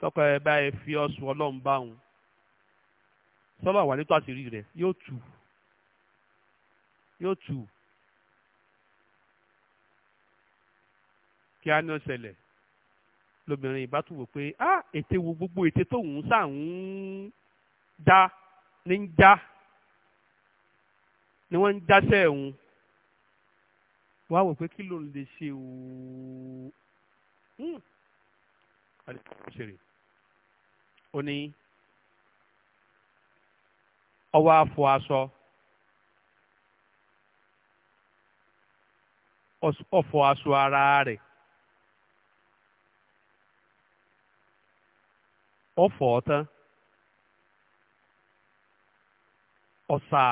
tọkọ ẹ báyìí fi ọsùn ọlọ́run bá òun sọlọ wà nítorí àṣírí rẹ yóò tù yóò tù kí á ní ọ̀sẹ̀lẹ̀ lóbìnrin ìbá tún wò pé á ète wo gbogbo ète tóun sáàún já ní ń já ni wọ́n ń jáṣẹ́ òun wá wò pé kí ló ń lè ṣe òun. ó ní ọwọ́ afọ aṣọ ọfọ asọ ara rẹ̀ ọfọ ọtán ọ̀sà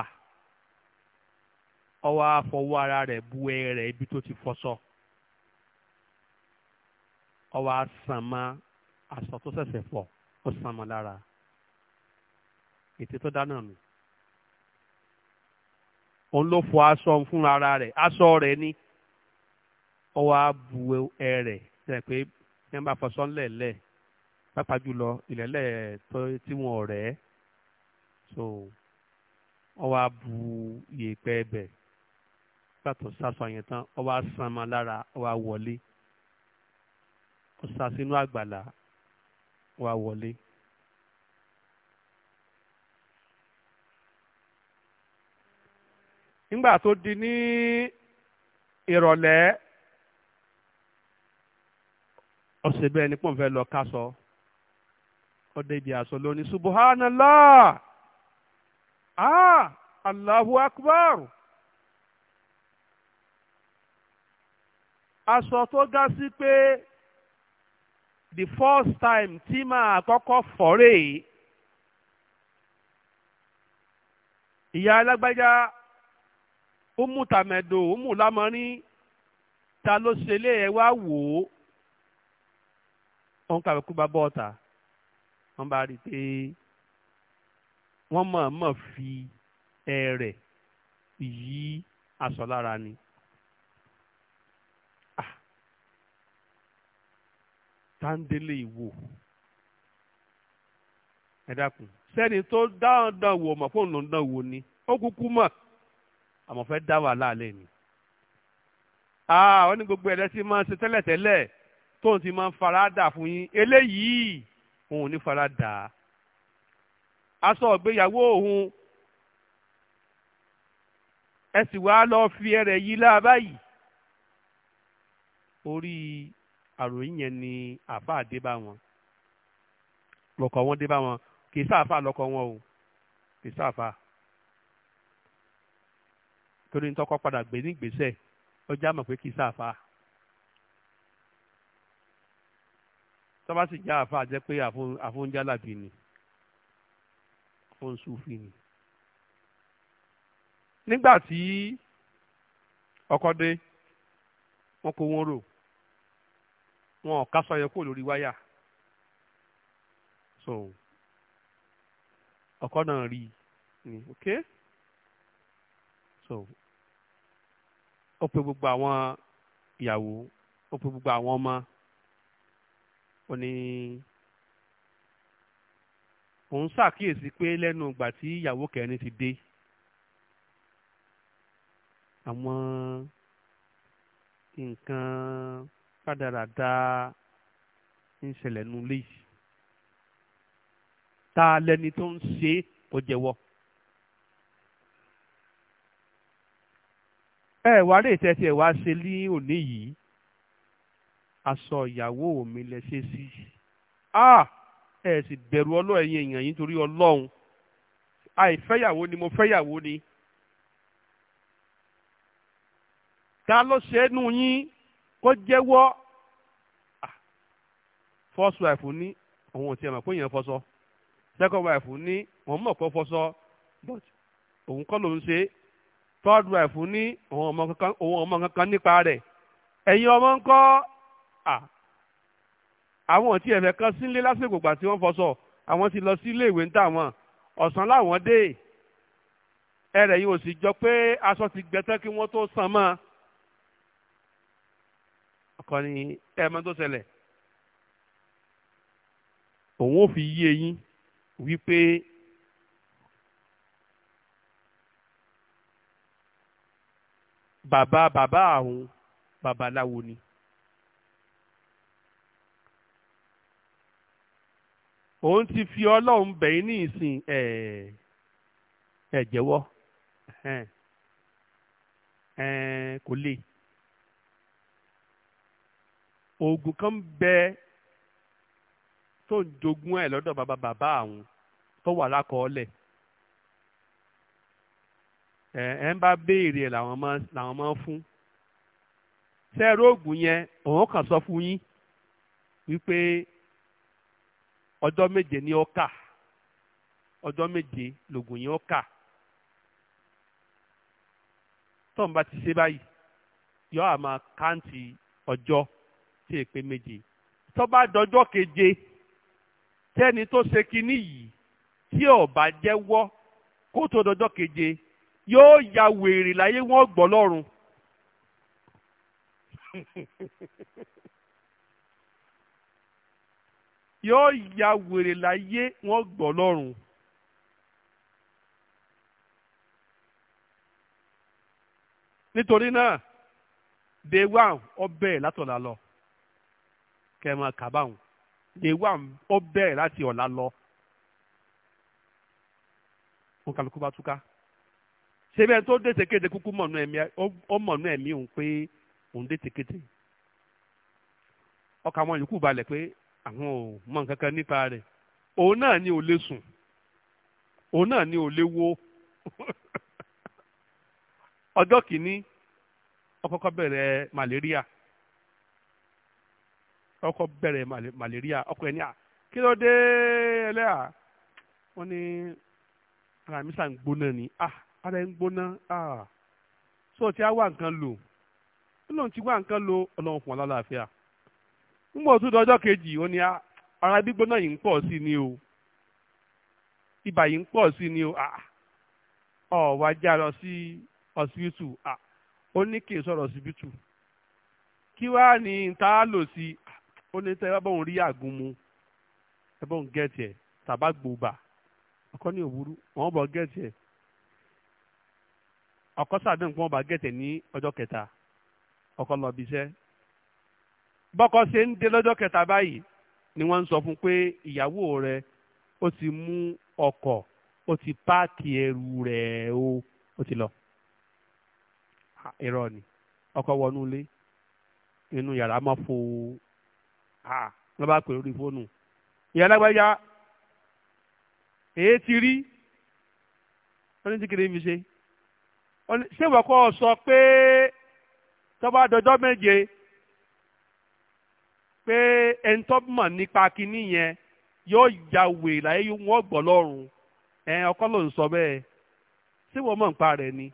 ọwọ́ afọwọ́ ara rẹ̀ bu ẹrẹ ibi tó ti fọsọ ọwọ́ asànmọ́ aṣọ tó ṣẹ̀ṣẹ̀ fọ. ó sàn mọ́ lára ètè tó dáná nù òun ló fọ aṣọ fún ara rẹ̀ aṣọ rẹ̀ ni ó wá bu ẹrẹ̀ rẹ̀ pé ẹ máa fọṣọ ńlẹ̀lẹ̀ pápá jùlọ ìlẹ̀lẹ̀ tí wọn rẹ̀ so ó wá bu yèèpẹ̀ ẹbẹ̀ gbàtọ̀ sásọ yẹn tán ó wá san lára ó wá wọlé ó sá àgbàlá wá wọlé. nígbà tó di ní ìrọ̀lẹ́ ọ̀sẹ̀ bẹ́ẹ̀ ni pọ́n fẹ́ lọ kásọ ọdẹ ibi àṣọ lónìí subhanallah ah allahu akbar aṣọ tó ga sí pé the first time tí màá kọ́kọ́ fọ́rẹ́ ìyá alágbájá umu tàmẹ̀dò umu lámọ́rí ta ló ṣe lé ẹ wá wò ó wọn kàwé kú bá bọ́ọ̀tà wọn bá rí i pé wọ́n mọ̀ọ́mọ̀ fi ẹ̀rẹ̀ yí aṣọ lára ni. táńdélé ìwò ẹ dákun sẹ́ni tó dáhùn dán wò mọ̀ fóun ló ń dán wò ni ó kúkú mọ̀ àmọ́ fẹ́ dá wàhálà alẹ́ ni. àwọn ní gbogbo ẹ̀lẹ́sìn máa ń ṣe tẹ́lẹ̀tẹ́lẹ̀ tóun ti máa ń faradà fún yín eléyìí òun ò ní faradà aṣọ ìgbéyàwó òun ẹ sì wá lọ fi ẹrẹ̀ yìí láàbá yìí orí àròyìn yẹn ni àáfàá dé bá wọn lọkọ wọn dé bá wọn kì í sáàfà lọkọ wọn o kì í sáàfà torí ní tọkọ padà gbé nígbésẹ̀ ó já mọ̀ pé kì í sáàfà tọ́ba sì já àáfàá jẹ́ pé àfọ̀njálàbí ni àfọ̀nsúfì ni nígbà tí ọkọ dé wọn kó wọn rò wọn ò kásọ yẹn kúrò lórí wáyà so ọkọ náà rí i ni ok so ó pe gbogbo àwọn ìyàwó ó pe gbogbo àwọn ọmọ ó ní òun ṣàkíyèsí pé lẹ́nu ìgbà tí ìyàwó kẹrin ti dé àwọn nǹkan kádàràdà ń ṣẹlẹ̀ nu léyìí tá a lẹni tó ń ṣe kó jẹ́wọ́. ẹ wá rè tẹ́tẹ́ wá ṣe ní òní yìí aṣọ ìyàwó mi lẹ ṣe sí ẹ sì bẹ̀rù ọlọ́ ẹ̀yin èèyàn yìí torí ọlọ́run àìfẹ́yàwó ni mo fẹ́yàwó ni ta ló ṣe é nù yín kó jẹ́wọ́ ah. first wife ní òun ò tiẹ̀ mọ̀ pé èèyàn fọṣọ second wife ní òun mọ̀ pé fọṣọ but òun kọ́ lòun ṣe third wife ní òun ọmọ kankan nípa rẹ̀ ẹ̀yin ọmọ ń kọ́ ah. àwọn tí ẹ̀fẹ̀ kan sílé lásìkò ìgbà tí wọ́n fọṣọ àwọn ti lọ sí ilé ìwé ń tà wọ́n ọ̀sán láwọn dé ẹ̀rẹ̀ yìí ò sì jọ pé aṣọ ti gbẹ tán kí wọ́n tó san mọ́ ọkọ ni ẹ mọ tó ṣẹlẹ̀ òun ò fi yé yín wípé bàbá bàbá àwọn babaláwo ni. òun ti fi ọlọ́run bẹ̀yìn ní ìsìn ẹ̀ ẹ̀ jẹ́wọ́ kò le oògùn kan bẹ tó ń jogún ẹ̀ lọ́dọ̀ bàbá bàbá àwọn tó wà lákọọ́lẹ̀ ẹ̀ ẹ̀ ń bá béèrè ẹ̀ làwọn máa làwọn máa fún sẹ́ẹ̀rọ oògùn yẹn òun kàn sọ fún yín wípé ọjọ́ méje ni ó kà ọjọ́ méje lògùn yẹn ó kà tóun bá ti ṣe báyìí yọ àmà káǹtì ọjọ́ tí èpè méje tó dọjọ́ keje tẹ́ni tó ṣe kinní yìí tí ò bá jẹ́wọ́ kó tó dọjọ́ keje yóò ya wèrè láyé wọ́n gbọ́ lọ́run. yóò ya wèrè láyé wọ́n gbọ́ lọ́run. nítorí náà day one ọbẹ̀ látọ̀là lọ. kẹmọ kàbáhùn lè wà ó bẹ̀rẹ̀ láti ọ̀la lọ wọn bá túká ṣé tó dètè kéde kúkú mọ̀nú ẹ̀mí ó mọ̀nú ẹ̀mí òun pé òun dètè kéde ọkà àwọn balẹ̀ pé àwọn ò mọ kankan nípa rẹ̀ òun náà ni ò lè sùn òun ni ò lè ọjọ́ kìíní bẹ̀rẹ̀ malaria ọkọ bẹ̀rẹ̀ malaria ọkọ ẹni à kí ló dé wọ́n ní ara mi sàn gbóná ni ah ara ń gbóná ah so ti a wá nǹkan lò ọlọ́run ti wá nǹkan lò ọlọ́run fún wa lálàáfíà ń bọ̀ dọjọ́ kejì ó ara gbígbóná yìí ń pọ̀ sí ni o ibà yìí ń pọ̀ ni o ah ọ wá já lọ sí ọsibítù ah ó ní sọ̀rọ̀ ọsibítù kí ó ní tẹ́ ẹ bá bóun rí àgùn mu ẹ bóun gẹ̀ẹ́tì ẹ̀ tàbá gbòòbà ọkọ ní òwúrú wọn bọ̀ gẹ̀ẹ́tì ẹ̀ ọkọ sàdéhùn pé bá gẹ̀ẹ́tì ní ọjọ́ kẹta ọkọ lọ bíṣẹ́ bọ́kọ ṣe ń dé lọ́jọ́ kẹta báyìí ni wọ́n ń sọ fún pé ìyàwó rẹ̀ ó ti mú ọkọ̀ ó ti páàkì ẹrù rẹ̀ o ó ti lọ irọ́ ni ọkọ wọnú ilé inú yàrá máa fo à wọn bá pè lórí fóònù ìyá alágbájá èyí ti rí wọn ní tíkìrì fi ṣe ṣé ìwọ kọ́ sọ pé tọ́ba dọjọ́ méje pé ẹni tó mọ̀ nípa kinní yẹn yóò ya wèé láyé wọn gbọ́ lọ́rùn ẹ ọkọ ló ń sọ bẹ́ẹ̀ ṣé ìwọ mọ̀ nípa rẹ̀ ni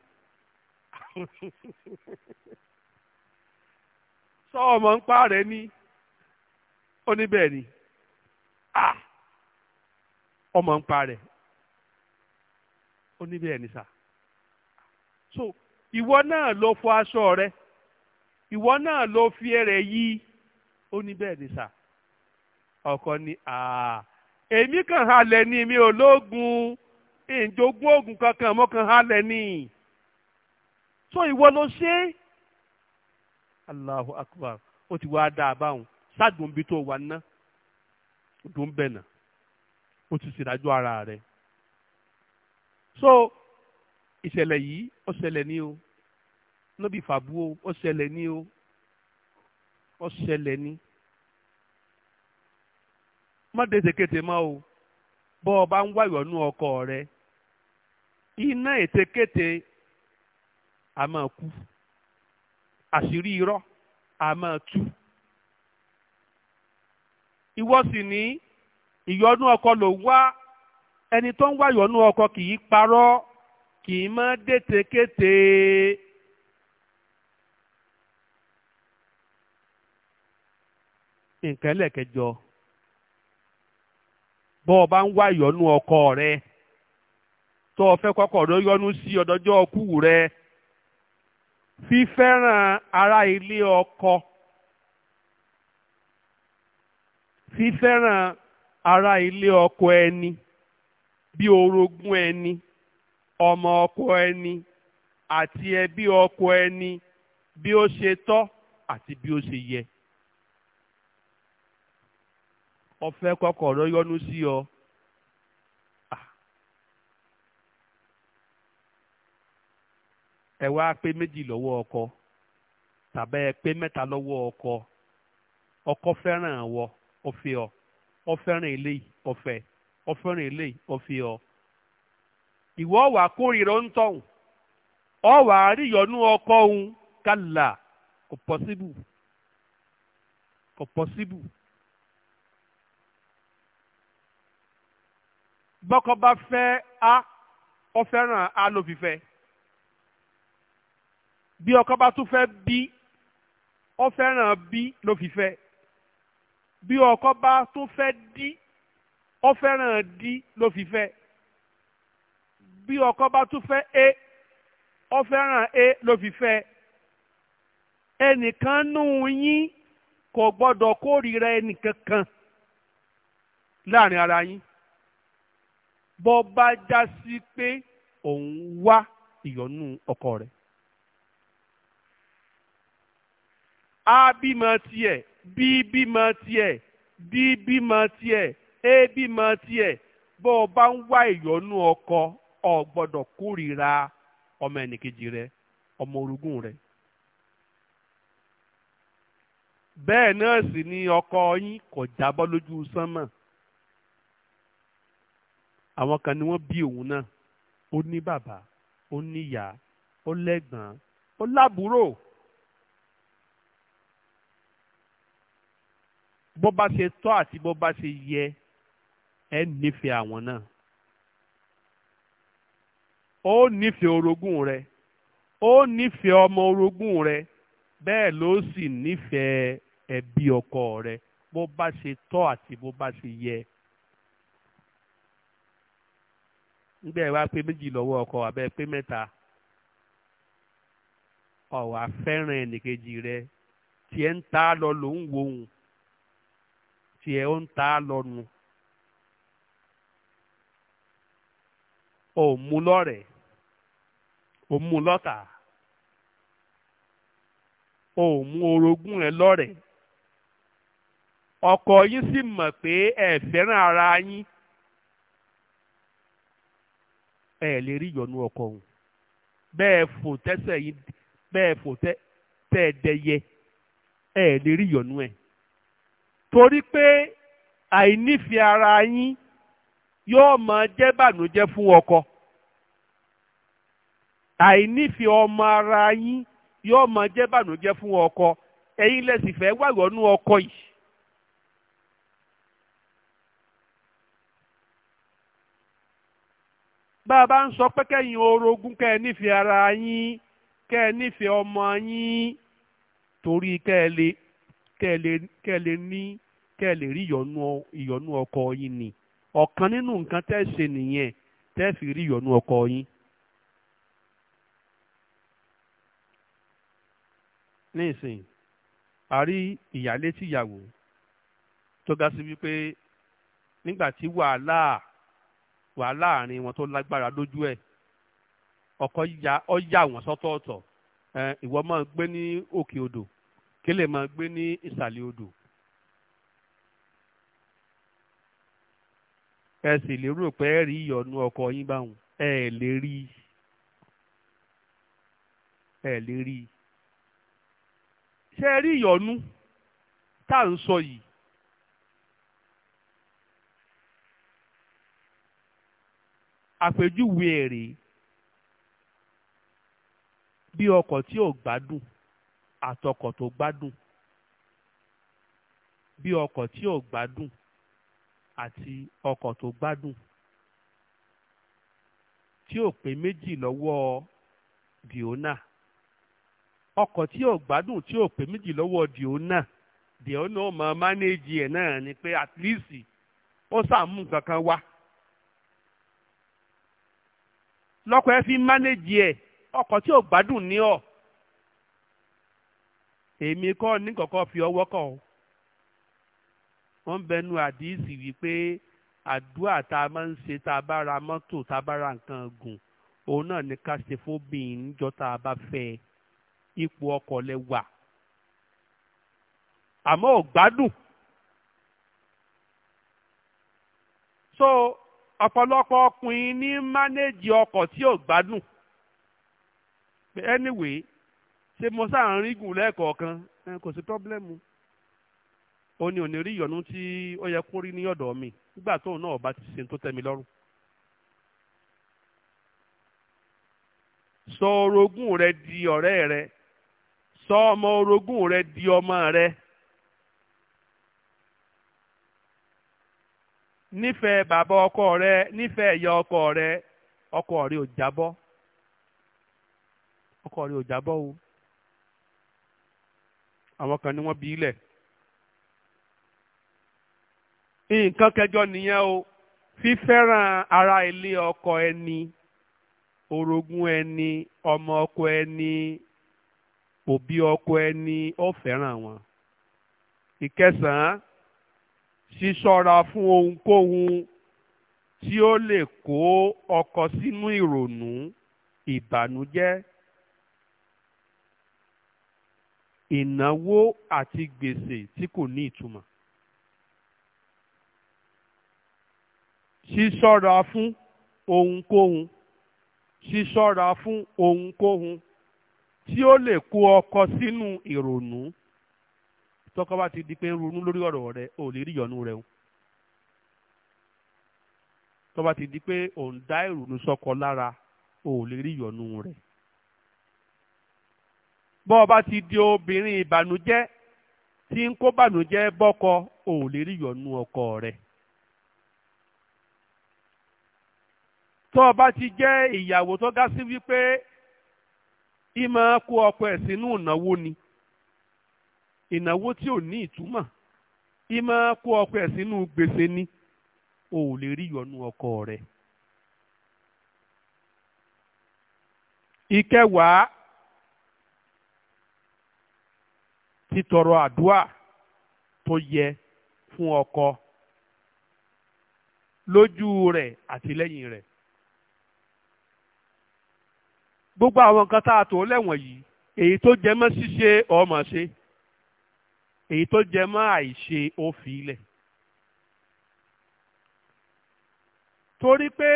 sọ ọmọ nípa rẹ̀ ni. ó ní bẹ́ẹ̀ ni ọmọ ń pa rẹ̀ ó ní bẹ́ẹ̀ ni sà so ìwọ náà ló fọ aṣọ rẹ ìwọ náà ló fi ẹrẹ yí ó ní bẹ́ẹ̀ ni sà ọkọ ni èmi kàn halẹ̀ ni mi ò lóògùn ìjogún oògùn kankan mọ́ kan halẹ̀ ni so ìwọ ló ṣe Allahu Akbar ó ti wá dáa báwọn sáà dùn tó wà ná dùn bẹ́ẹ̀ nà ó ti ṣèdájọ́ ara rẹ̀ so ìṣẹ̀lẹ̀ yìí ó ṣẹlẹ̀ ní o níbi ìfàbù o ó ṣẹlẹ̀ ní o ó ṣẹlẹ̀ ní. má dẹ́sẹ̀kẹ́tẹ̀ mọ́ o bọ́ ọ bá ń wá ìrọ̀nú ọkọ rẹ iná ètekéte a máa àṣírí irọ́ a máa ìwọ sì ní ìyọnú ọkọ ló wá ẹni tó ń wá ìyọnú ọkọ kì í parọ́ kì í mọ́ dètèkéte. nǹkan ẹlẹ́kẹjọ bọ́ ọ bá ń wá ìyọnú ọkọ rẹ tó o fẹ́ kọ́kọ́ ló yọnú sí ọdọjọ́ ọkú rẹ fífẹ́ràn ará ilé ọkọ. fífẹ́ràn ará ilé ọkọ ẹni bí orogún ẹni ọmọ ọkọ ẹni àti ẹbí ọkọ ẹni bí ó ṣe tọ́ àti bí ó ṣe yẹ. ọfẹ́ kọkọrọ yọ́nú sí ọ. ẹ wá pé méjì lọ́wọ́ ọkọ tàbí ẹ pé mẹ́ta lọ́wọ́ ọkọ ọkọ fẹ́ràn wọ ó fẹ́ ọ ó fẹ́ràn eléyìí ó fẹ́ ó fẹ́ràn eléyìí ó fẹ́ ọ. ìwọ wà kórìíra ń tọ̀hún ọ wà á rí ìyọnú ọkọ òun kálá kò pọ́síbù kò pọ́síbù. bọ́kọ bá fẹ́ a ó fẹ́ràn a ló fi fẹ́ bí ọkọ bá tún fẹ́ bí ó fẹ́ràn bí ló fi fẹ́ bí ọkọ bá tún fẹ́ dí ó fẹ́ràn dí ló fi fẹ́ bí ọkọ bá tún fẹ́ é ó fẹ́ràn é ló fi fẹ́ ẹnìkan nù yín kò gbọ́dọ̀ kórìíra ẹnìkan kan láàrin ara yín bó bá já sí pé òun wá ìyọnú ọkọ rẹ̀ á bímọ tiẹ̀ bí bímọ tiẹ̀ dí bímọ tiẹ̀ é bímọ tiẹ̀ bó o bá ń wá ìyọ́nú ọkọ o gbọ́dọ̀ kórìíra ọmọ ẹnìkejì rẹ ọmọ orogún rẹ bẹ́ẹ̀ náà sì ni ọkọ yín kò jábọ́ lójú sánmà àwọn kan ni wọ́n bí òun náà ó ní bàbá ó ní ìyá ó lẹ́gbọ̀n ó lábúrò. bó bá ṣe tọ́ àti bó bá ṣe yẹ ẹ nífẹ̀ẹ́ àwọn náà ó nífẹ̀ẹ́ orogún rẹ ó nífẹ̀ẹ́ ọmọ orogún rẹ bẹ́ẹ̀ ló sì nífẹ̀ẹ́ ẹbí ọkọ rẹ bó bá ṣe tọ́ àti bó bá ṣe yẹ. nígbà yẹn wá pé méjì lọ́wọ́ ọkọ abẹ́ pé mẹ́ta ọ̀wà fẹ́ràn ẹnìkejì rẹ tiẹ̀ ń ta lọ lòún wòun. si ó ń ta á lọ́nu ò orogún ẹ ọkọ yín sì mọ̀ pé ẹ fẹ́ràn ara yín ẹ lè rí ìyọnu ọkọ òun bẹ́ẹ̀ fò tẹ́sẹ̀ yín bẹ́ẹ̀ fò ẹ lè rí ìyọnu ẹ̀. torí pé àìnífẹ̀ẹ́ ara yín yóò máa jẹ́ bànújẹ́ fún ọkọ àìnífẹ̀ẹ́ ọmọ ara yín yóò máa jẹ́ bànújẹ́ fún ọkọ ẹ̀yin lẹ́sìn fẹ́ wàyọ̀nú ọkọ yìí. bá a bá ń sọ pé kẹ́yìn orogún kẹ́ ẹ nífẹ̀ẹ́ ara yín kẹ́ ẹ nífẹ̀ẹ́ ọmọ yín torí kẹ́ ẹ lè kẹ́ ẹ lè ní kẹ́ ẹ lè rí ìyọ́nú ọkọ yín ni ọ̀kan nínú nǹkan tẹ́ ẹ ṣe nìyẹn tẹ́ ẹ fi rí ìyọ́nú ọkọ yín. nísìn a rí ìyálé tìyàwó tó ga sí wípé nígbà tí wàhálà wàhálà àárín wọn tó lágbára lójú ẹ̀ ọkọ ya ọ yà wọn sọtọọtọ ẹ ìwọ máa gbé ní òkè odò kí lè máa gbé ní ìsàlẹ̀ odò ẹ sì lérò pé ẹ rí ìyọnu ọkọ yín báwọn ẹ lè rí ẹ lè rí ṣé ẹ rí ìyọnu tá à ń sọ yìí àpèjúwe èrè bí ọkọ̀ tí ò gbádùn àtọkọ̀ tó gbádùn bí ọkọ̀ tí ò gbádùn àti ọkọ̀ tó gbádùn tí ò pé méjì lọ́wọ́ diona ọkọ̀ tí ò gbádùn tí ò pé méjì lọ́wọ́ diona diona ó máa mánéèjì ẹ̀ náà ni pé at least ó sàmú nǹkan wá lọ́kọ̀ ẹ fi mánéèjì ẹ̀ ọkọ̀ tí ò gbádùn ní ọ̀. èmi kọ́ ní kọ̀kọ́ fi ọwọ́ kọ̀ ọ́ wọ́n ń bẹnu àdíìsì wípé àdúrà tá a máa ń ṣe tá a bá ra mọ́tò tá a bá ra nǹkan gùn òun náà ní ká ṣe fóbìn níjọ tá a bá fẹ́ ipò ọkọ̀ lẹ wà àmọ́ ò gbádùn so ọ̀pọ̀lọpọ̀ ọkùnrin ní mánéjì ọkọ̀ tí ò gbádùn anyway ṣé mo sáà ń rí gùn lẹ́ẹ̀kọ̀ọ̀kan kò sí pọ́blẹ́mù ó ní òní rí ìyọ̀nú tí ó yẹ kó rí ní ọ̀dọ̀ mi nígbà tóun náà bá ti ṣe tó tẹ́ lọ́rùn. sọ orogún rẹ di ọ̀rẹ́ rẹ sọ ọmọ orogún rẹ di ọmọ rẹ. nífẹ̀ẹ́ bàbá ọkọ rẹ nífẹ̀ẹ́ ìyá ọkọ rẹ ọkọ rẹ ò jábọ́ ọkọ rẹ ò jábọ́ o. àwọn kan ni wọ́n bí lẹ̀. nǹkan kẹjọ nìyẹn o fífẹ́ràn ara ilé ọkọ ẹni orogún ẹni ọmọ ọkọ ẹni òbí ọkọ ẹni ó fẹ́ràn wọn. ìkẹsàn-án ṣíṣọ́ra fún ohunkóhun tí ó lè kó ọkọ sínú ìrònú ìbànújẹ́ ìnáwó àti gbèsè tí kò ní ìtumọ̀. ṣíṣọ́ra fún ohunkóhun ṣíṣọ́ra fún ohunkóhun tí ó lè kó ọkọ sínú ìrònú tọkọ bá ti di pé ń ronú lórí ọ̀rọ̀ rẹ ò lè rí ìyọnu rẹ o tọba ti di pé ò ń dá ìrònú sọkọ lára ò lè rí ìyọnu rẹ. bọ́ ọ bá ti di obìnrin ìbànújẹ́ tí ń kó bànújẹ́ bọ́kọ ò lè rí ọkọ rẹ̀. tọ ọba bá ti jẹ́ ìyàwó tó ga sí wípé ìmọ̀ kó ọkọ ẹ̀ sínú ìnáwó ni ìnáwó tí ò ní ìtumọ̀ ma kó ọkọ ẹ̀ sínú gbèsè ni ò lè rí yọ̀nú ọkọ rẹ̀. ìkẹwàá títọrọ àdúà tó yẹ fún ọkọ lójú rẹ̀ àti lẹ́yìn rẹ̀ gbogbo àwọn nǹkan tá a tò lẹ́wọ̀n yìí èyí tó jẹ mọ́ ṣíṣe ọmọ ṣe èyí tó jẹ mọ́ àìṣe ó fi ilẹ̀ torí pé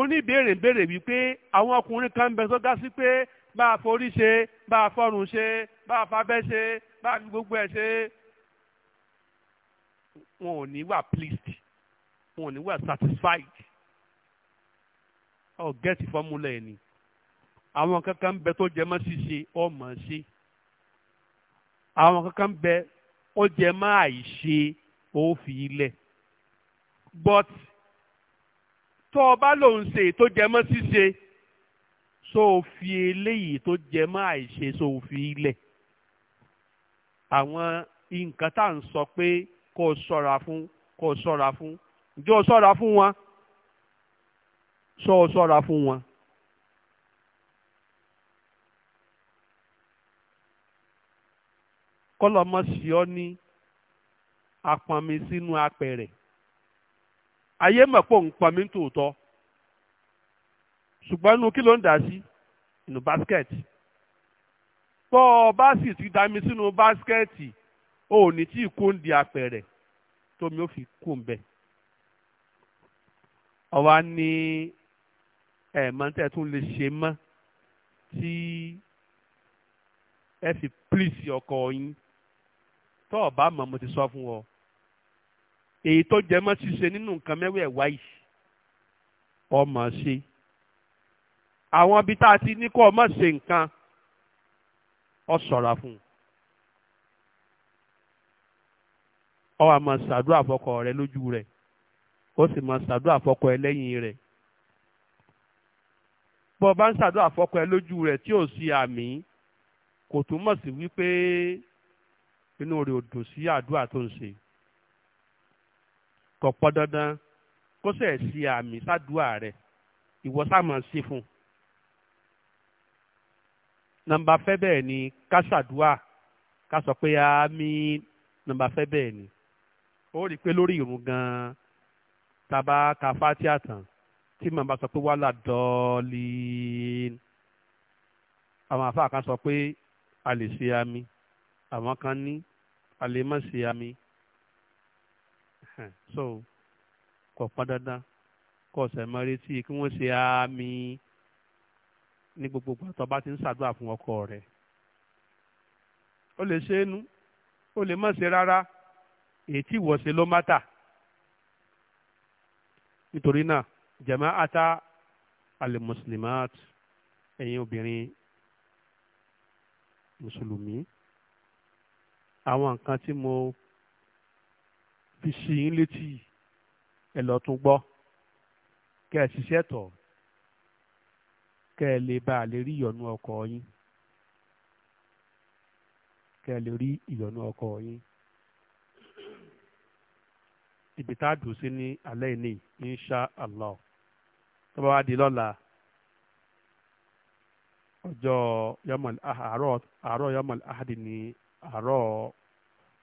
oníbèrè ń bèrè wípé àwọn ọkùnrin kan ń bẹ sọ́gá sí pé bá a forí ṣe bá a fọrùn ṣe bá a fabẹ́ ṣe bá a gbogbo ẹ̀ ṣe. wọn ò ní wà pleased wọn ò ní wà satisfied ọ gẹ́ẹ̀tì fọ́múlà ẹ̀ ni àwọn kankan ń bẹ tó jẹ mọ́ ṣíṣe ọmọ ṣe àwọn kankan ń bẹ ó jẹ mọ́ àìṣe òfin ilẹ̀ but tó o bá lòun ṣe tó jẹ mọ́ ṣíṣe. so fi eléyìí tó jẹ maa àìṣe so fi ilẹ̀ àwọn nǹkan tá à ń sọ pé kó o fún kó o ṣọ́ra fún jọ sọra fún wọn sọ o ṣọ́ra fún wọn. kọlọmọ ni ọ ní apọnmi sínú apẹ̀rẹ̀ ayé mọ̀ pé òun pọnmi tòótọ́. ṣùgbọ́n inú kí ló ń dà sí inú báskẹ́ẹ̀tì bọ́ ọ bá sì ti dami sínú báskẹ́ẹ̀tì o ò ní tí ì kó ń di apẹ̀rẹ̀ tómi ó fi kó ń bẹ̀. ọ̀wá ní ẹ̀ẹ̀mọ́ tẹ́ tún lè ṣe mọ́ tí ẹ fi pílìsì ọkọ yín tọ́ ọ bá mọ̀ mo ti sọ fún ọ èyí tó jẹ mọ́ ṣíṣe nínú nǹkan mẹ́wẹ̀ẹ́wá yìí ọmọ ṣe àwọn ibi tá a ti ní kó o má ṣe nǹkan ọ ṣọ́ra fún un ọ wà máa ṣàdúrà fọ́kọ rẹ lójú rẹ ó sì máa ṣàdúrà fọ́kọ ẹ lẹ́yìn rẹ bó o bá ń ṣàdúrà fọ́kọ ẹ lójú rẹ tí ò sí àmì kò túmọ̀ sí wípé inú rẹ ò dùn sí àdúrà tó ń ṣe kò pọn dandan kó sì ẹ̀ sí àmì sádùúà rẹ ìwọ sá máa ṣe fún un nọmba fẹ́ bẹ́ẹ̀ ni kásàdúà ká sọ pé àmì nọmba fẹ́ bẹ́ẹ̀ ni ó rí i pé lórí ìrun gan-an tàbá ka fatia tán tí màá sọ pé wàhálà dọ́ọ̀lì àwọn àfáà kan sọ pé a lè ṣe àmì àwọn kan ní a lè má ṣe àmì so kò pọn dandan kò sẹ̀ mọ́ retí kí wọ́n ṣe àmì ní gbogbo ìgbà tó bá ti ń ṣàdúrà fún ọkọ rẹ ó lè ṣe é nu ó lè má ṣe rárá èyí tí ìwọ ṣe ló má tà nítorí náà jama'ata al-muslimat ẹ̀yin obìnrin mùsùlùmí àwọn nǹkan tí mo fi ṣí yín létí ẹ lọ gbọ́ kẹ́ ẹ ṣiṣẹ́ tọ̀ kẹ́ ẹ lè bá a lè rí ìyọnu ọkọ yín kẹ́ ẹ lè rí ìyọnu ọkọ yín ibi tá a dùn sí ní alẹ́ ní insha allah tó bá wá di lọ́la ọjọ́ yamal àárọ̀ àárọ̀ yamal ahadi ní àárọ̀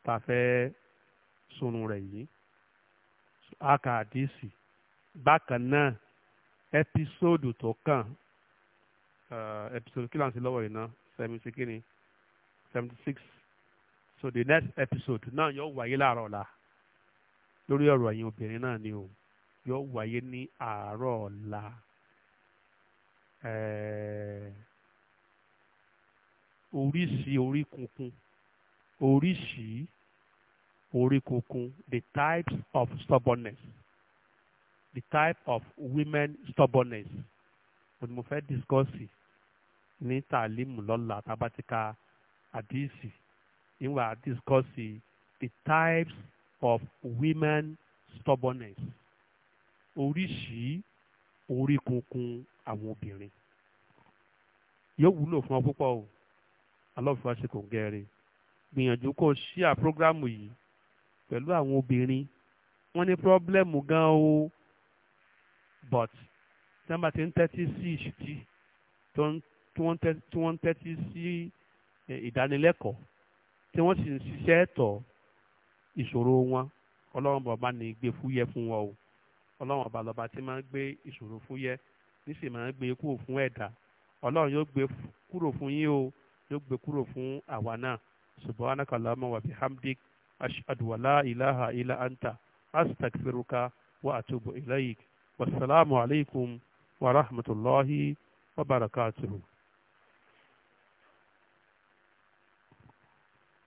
tá a fẹ́ sunu rẹ̀ yìí a kà á dì bákan náà ẹpisódù tó kàn Uh, episode kí láǹtí lọ́wọ́ yìí ná seventy kí ni seventy six so the next episode náà yóò wáyé láàárọ̀ ọ̀la lórí ọ̀rọ̀ ẹ̀yin obìnrin náà ni o yóò wáyé ní àárọ̀ ọ̀la eh, oríṣi orí kunkun oríṣi orí kunkun the types of stubbornness the type of women stubbornness òní mo fẹ́ discuss it ní tàlímù lọ́la tabatika àdìsí ìwà discourse the types of women stubbornness oríṣi orí kunkun àwọn obìnrin yóò wúlò fún ọ púpọ̀ o alọ́fíà ṣe kò gẹ̀ẹ́rẹ́ gbìyànjú kó ṣíà prógrámù yìí pẹ̀lú àwọn obìnrin wọ́n ní pírọ́blẹ́mù gan o but tí wọ́n bá ti ń tẹ́tí sí ìṣítí tó ń tí wọ́n ń tẹ́tí sí ìdánilẹ́kọ̀ọ́ tí wọ́n sì ń ṣiṣẹ́ ẹ̀tọ́ ìṣòro wọn ọlọ́run bàbá ní gbé fúyẹ́ fún wọn o ọlọ́run ọba lọ́ba tí máa ń gbé ìṣòro fúyẹ́ níṣì máa ń gbé e kúrò fún ẹ̀dá ọlọ́run yóò gbé kúrò fún yín o yóò gbé kúrò fún àwa náà subhanaka allahumma wa bihamdik ashhadu wa la ilaha illa anta astaghfiruka wa atubu ilayk wasalaamu alaykum wa rahmatulahi wa barakatuhu.